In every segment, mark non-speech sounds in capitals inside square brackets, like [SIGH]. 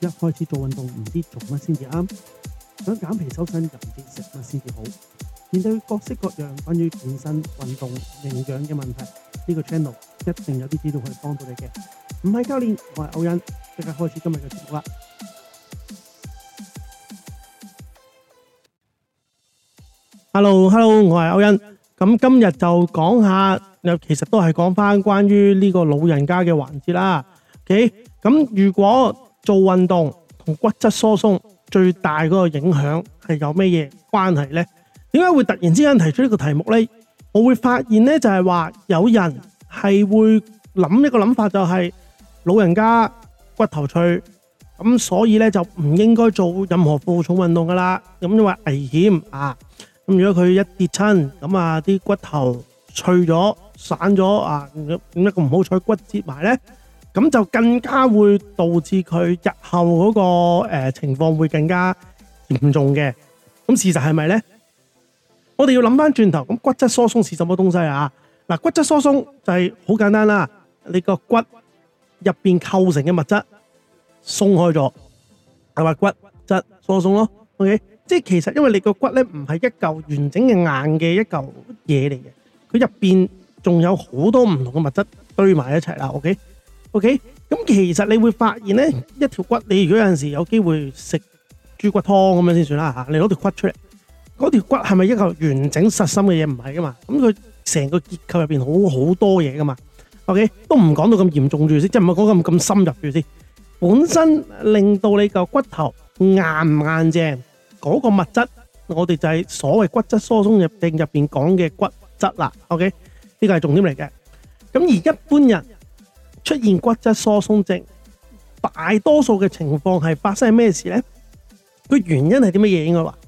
一開始做運動唔知做乜先至啱，想減皮瘦身又唔知食乜先至好。面對各式各樣關於健身、運動、營養嘅問題，呢個 channel 一定有啲資料可以幫到你嘅。唔係教練，我係歐恩，即刻開始今日嘅節目啦！Hello，Hello，我係歐恩。咁今日就講下，其實都係講翻關於呢個老人家嘅環節啦。OK，咁如果做運動同骨質疏鬆最大個影響係有咩嘢關係呢？點解會突然之間提出呢個題目呢？我會發現呢，就係話有人係會諗一個諗法，就係老人家骨頭脆，咁所以呢，就唔應該做任何負重運動噶啦。咁因為危險啊！咁如果佢一跌親，咁啊啲骨頭脆咗散咗啊，點解咁唔好彩骨折埋呢？咁就更加會導致佢日後嗰個誒情況會更加嚴重嘅。咁事實係咪咧？我哋要諗翻轉頭。咁骨質疏鬆係什麼東西啊？嗱，骨質疏鬆就係好簡單啦。你個骨入邊構成嘅物質鬆開咗，就話骨質疏鬆咯。OK，即係其實因為你個骨咧唔係一嚿完整嘅硬嘅一嚿嘢嚟嘅，佢入邊仲有好多唔同嘅物質堆埋一齊啦。OK。O.K.，咁其實你會發現咧，一條骨，你如果有陣時有機會食豬骨湯咁樣先算啦嚇，你攞條骨出嚟，嗰條骨係咪一個完整實心嘅嘢？唔係噶嘛，咁佢成個結構入邊好好多嘢噶嘛。O.K. 都唔講到咁嚴重住先，即係唔係講咁咁深入住先。本身令到你個骨頭硬唔硬正，嗰個物質，我哋就係所謂骨質疏鬆入症入邊講嘅骨質啦。O.K. 呢個係重點嚟嘅。咁而一般人，出現骨質疏鬆症，大多數嘅情況係發生係咩事咧？個原因係啲乜嘢應該話？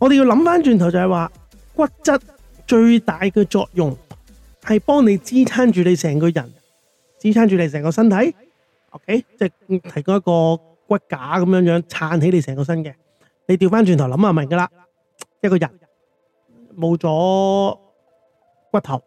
我哋要諗翻轉頭就係話，骨質最大嘅作用係幫你支撐住你成個人，支撐住你成個身體，OK，即係提供一個骨架咁樣樣撐起你成個身嘅。你調翻轉頭諗下，明噶啦，一個人冇咗骨頭。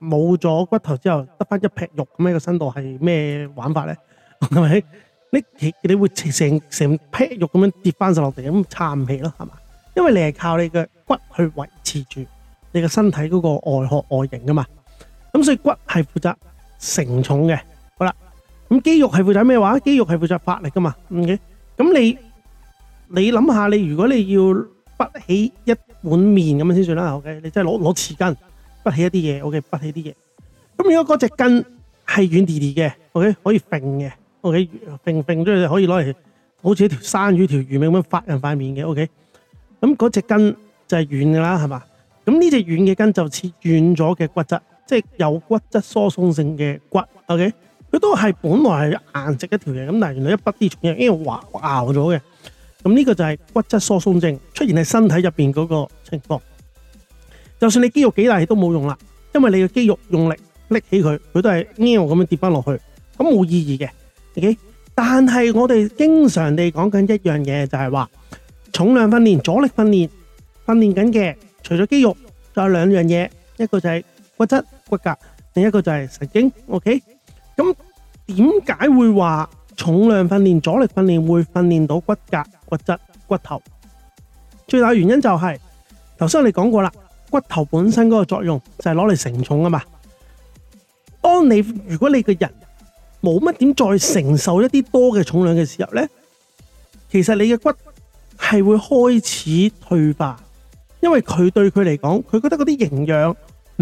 冇咗骨頭之後，得翻一劈肉咁樣個身度係咩玩法咧？係 [LAUGHS] 咪你你會成成劈肉咁樣跌翻晒落地咁撐唔起咯？係嘛？因為你係靠你嘅骨去維持住你嘅身體嗰個外殼外形噶嘛。咁所以骨係負責承重嘅。好啦，咁肌肉係負責咩話？肌肉係負責發力噶嘛。嗯嘅，咁你你諗下，你如果你要不起一碗麵咁樣先算啦。OK，你真係攞攞匙羹。不起一啲嘢，OK，不起啲嘢。咁如果嗰隻筋係軟地地嘅，OK，可以揈嘅，OK，揈揈咗可以攞嚟好似一條生魚一條魚尾咁樣發人塊面嘅，OK。咁嗰隻筋就係軟噶啦，係嘛？咁呢隻軟嘅筋就似軟咗嘅骨質，即係有骨質疏鬆性嘅骨，OK。佢都係本來係硬直的一條嘅，咁但係原來一不啲重嘢，因為滑咬咗嘅。咁呢個就係骨質疏鬆症出現喺身體入邊嗰個情況。就算你肌肉幾大力都冇用啦，因為你嘅肌肉用力拎起佢，佢都係呢樣咁樣跌翻落去，咁冇意義嘅。O K，但係我哋經常地講緊一樣嘢，就係話重量訓練、阻力訓練訓練緊嘅，除咗肌肉，仲有兩樣嘢，一個就係骨質、骨骼，另一個就係神經。O K，咁點解會話重量訓練、阻力訓練會訓練到骨骼、骨質、骨頭？最大原因就係頭先我哋講過啦。骨頭本身嗰個作用就係攞嚟承重啊嘛。當你如果你個人冇乜點再承受一啲多嘅重量嘅時候呢，其實你嘅骨係會開始退化，因為佢對佢嚟講，佢覺得嗰啲營養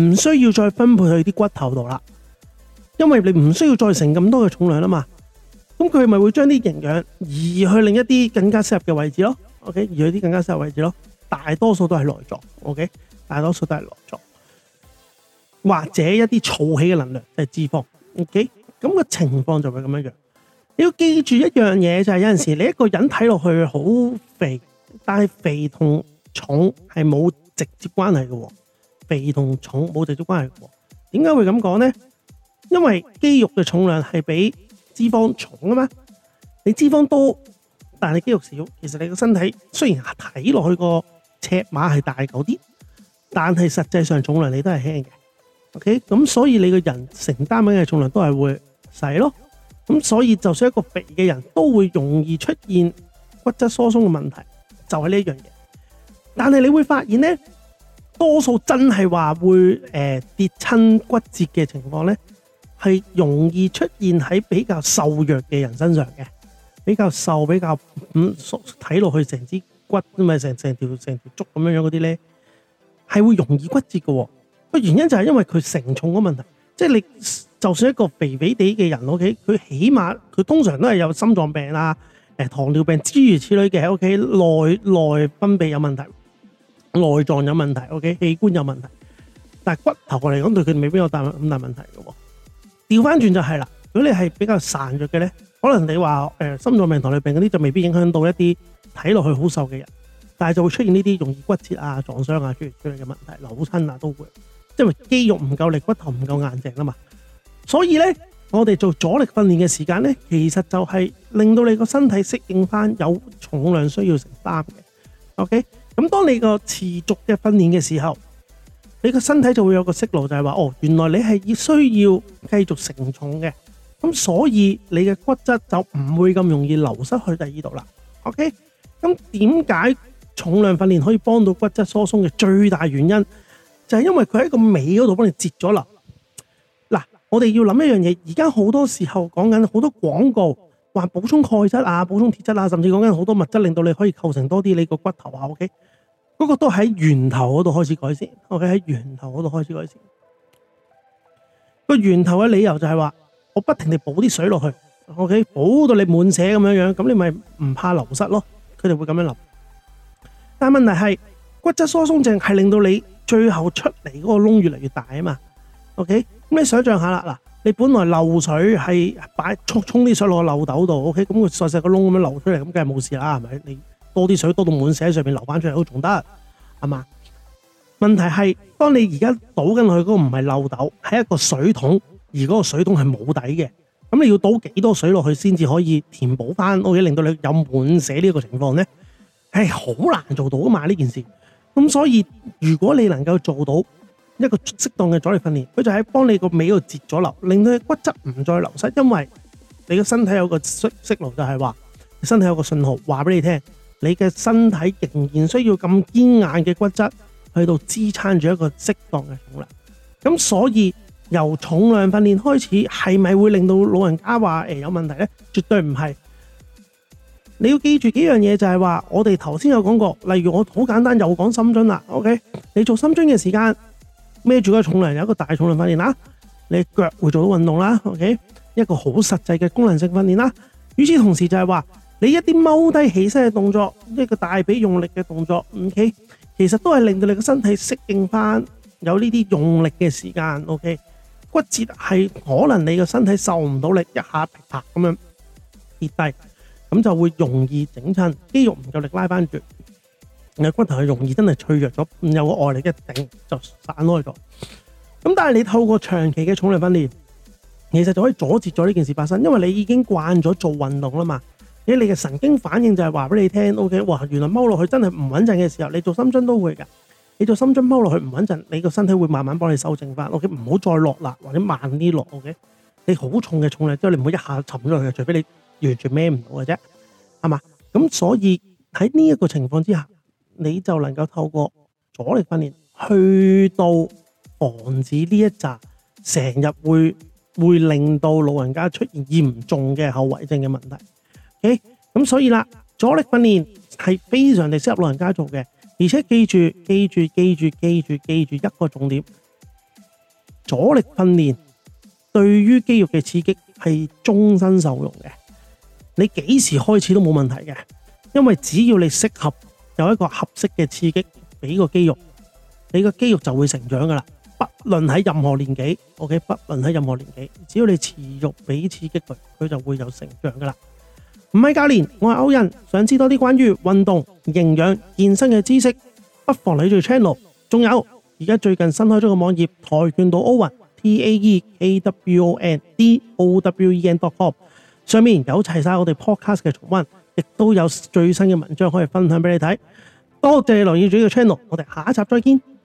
唔需要再分配去啲骨頭度啦，因為你唔需要再承咁多嘅重量吖嘛。咁佢咪會將啲營養移去另一啲更加適合嘅位置咯。O K，移去啲更加適合的位置咯，大多數都係內臟。O K。大多數都係落咗，或者一啲儲起嘅能量即係、就是、脂肪。OK，咁個情況就會咁樣樣。你要記住一樣嘢就係、是、有陣時你一個人睇落去好肥，但係肥同重係冇直接關係嘅。肥同重冇直接關係嘅。點解會咁講咧？因為肌肉嘅重量係比脂肪重啊嘛。你脂肪多，但係肌肉少，其實你個身體雖然睇落去個尺碼係大舊啲。但係實際上重量你都係輕嘅，OK，咁所以你個人承擔緊嘅重量都係會細咯。咁所以就算一個肥嘅人都會容易出現骨質疏鬆嘅問題，就係呢一樣嘢。但係你會發現呢，多數真係話會誒、呃、跌親骨折嘅情況呢，係容易出現喺比較瘦弱嘅人身上嘅，比較瘦比較咁睇落去成支骨咁咪，成成條成條竹咁樣樣嗰啲呢。係會容易骨折嘅，個原因就係因為佢承重嘅問題，即係你就算一個肥肥哋嘅人，O K，佢起碼佢通常都係有心臟病啦，誒，糖尿病之的，諸如此類嘅喺屋企內內分泌有問題，內臟有問題，O K，器官有問題，但係骨頭嚟講對佢未必有大咁大問題嘅。調翻轉就係啦，如果你係比較孱弱嘅咧，可能你話誒心臟病、糖尿病嗰啲就未必影響到一啲睇落去好瘦嘅人。但係就會出現呢啲容易骨折啊、撞傷啊、諸如此類嘅問題，扭親啊，都會，因為肌肉唔夠力、骨頭唔夠硬淨啊嘛。所以呢，我哋做阻力訓練嘅時間呢，其實就係令到你個身體適應翻有重量需要承擔嘅。OK，咁當你個持續嘅訓練嘅時候，你個身體就會有一個適應，就係話哦，原來你係要需要繼續承重嘅。咁所以你嘅骨質就唔會咁容易流失去第二度啦。OK，咁點解？重量訓練可以幫到骨質疏鬆嘅最大原因，就係因為佢喺個尾嗰度幫你截咗流。嗱，我哋要諗一樣嘢，而家好多時候講緊好多廣告，話補充鈣質啊、補充鐵質啊，甚至講緊好多物質，令到你可以構成多啲你個骨頭啊。O K，嗰個都喺源頭嗰度開始改善。O K，喺源頭嗰度開始改善。個源頭嘅理由就係話，我不停地補啲水落去，O K，補到你滿瀉咁樣樣，咁你咪唔怕流失咯。佢哋會咁樣諗。但問題係骨質疏鬆症係令到你最後出嚟，嗰個窿越嚟越大啊嘛，OK？咁你想象下啦，嗱，你本來漏水係擺速沖，啲水落個漏斗度，OK？咁佢細細個窿咁樣流出嚟，咁梗係冇事啦，係咪？你多啲水多到滿瀉上邊流翻出嚟都仲得，係嘛？問題係當你而家倒緊落去嗰個唔係漏斗，係一個水桶，而嗰個水桶係冇底嘅，咁你要倒幾多水落去先至可以填補翻？OK？令到你有滿瀉呢個情況呢？係好難做到吖嘛呢件事，咁所以如果你能夠做到一個適當嘅阻力訓練，佢就喺幫你個尾度截咗流，令到你嘅骨質唔再流失。因為你嘅身體有個息息流就係話，你身體有個信號話俾你聽，你嘅身體仍然需要咁堅硬嘅骨質去到支撐住一個適當嘅重量。咁所以由重量訓練開始，係咪會令到老人家話誒、呃、有問題呢？絕對唔係。你要記住幾樣嘢，就係話我哋頭先有講過，例如我好簡單又講深蹲啦，OK？你做深蹲嘅時間孭住一個重量，有一個大重量訓練啦，你腳會做到運動啦，OK？一個好實際嘅功能性訓練啦。與此同時就係話你一啲踎低起身嘅動作，一個大髀用力嘅動作，OK？其實都係令到你個身體適應翻有呢啲用力嘅時間，OK？骨折係可能你個身體受唔到力，一下啪咁樣跌低。咁就會容易整親肌肉唔夠力拉翻住，然後骨頭係容易真係脆弱咗，有個外力一頂就散開咗。咁但係你透過長期嘅重量訓練，其實就可以阻止咗呢件事發生，因為你已經慣咗做運動啦嘛。你嘅神經反應就係話俾你聽，O K，哇，原來踎落去真係唔穩陣嘅時候，你做深蹲都會噶。你做深蹲踎落去唔穩陣，你個身體會慢慢幫你修正翻。O K，唔好再落啦，或者慢啲落。O K，你好重嘅重量之後，你唔好一下沉咗落去，除非你。完全孭唔到嘅啫，係嘛？咁所以喺呢一個情況之下，你就能夠透過阻力訓練去到防止呢一扎成日會會令到老人家出現嚴重嘅後遺症嘅問題。OK，咁所以啦，阻力訓練係非常地適合老人家做嘅。而且記住，記住，記住，記住，記住一個重點：阻力訓練對於肌肉嘅刺激係終身受用嘅。你幾時開始都冇問題嘅，因為只要你適合有一個合適嘅刺激，俾個肌肉，你個肌肉就會成長噶啦。不論喺任何年紀，OK，不論喺任何年紀，只要你持續俾刺激佢，佢就會有成長噶啦。唔係教練，我係歐人，想知多啲關於運動、營養、健身嘅知識，不妨你做 channel。仲有，而家最近新開咗個網頁，跆拳道歐人 T A E K W O N D O W E N dot com。上面有齊晒我哋 podcast 嘅重溫，亦都有最新嘅文章可以分享俾你睇。多謝留意住呢個 channel，我哋下一集再見。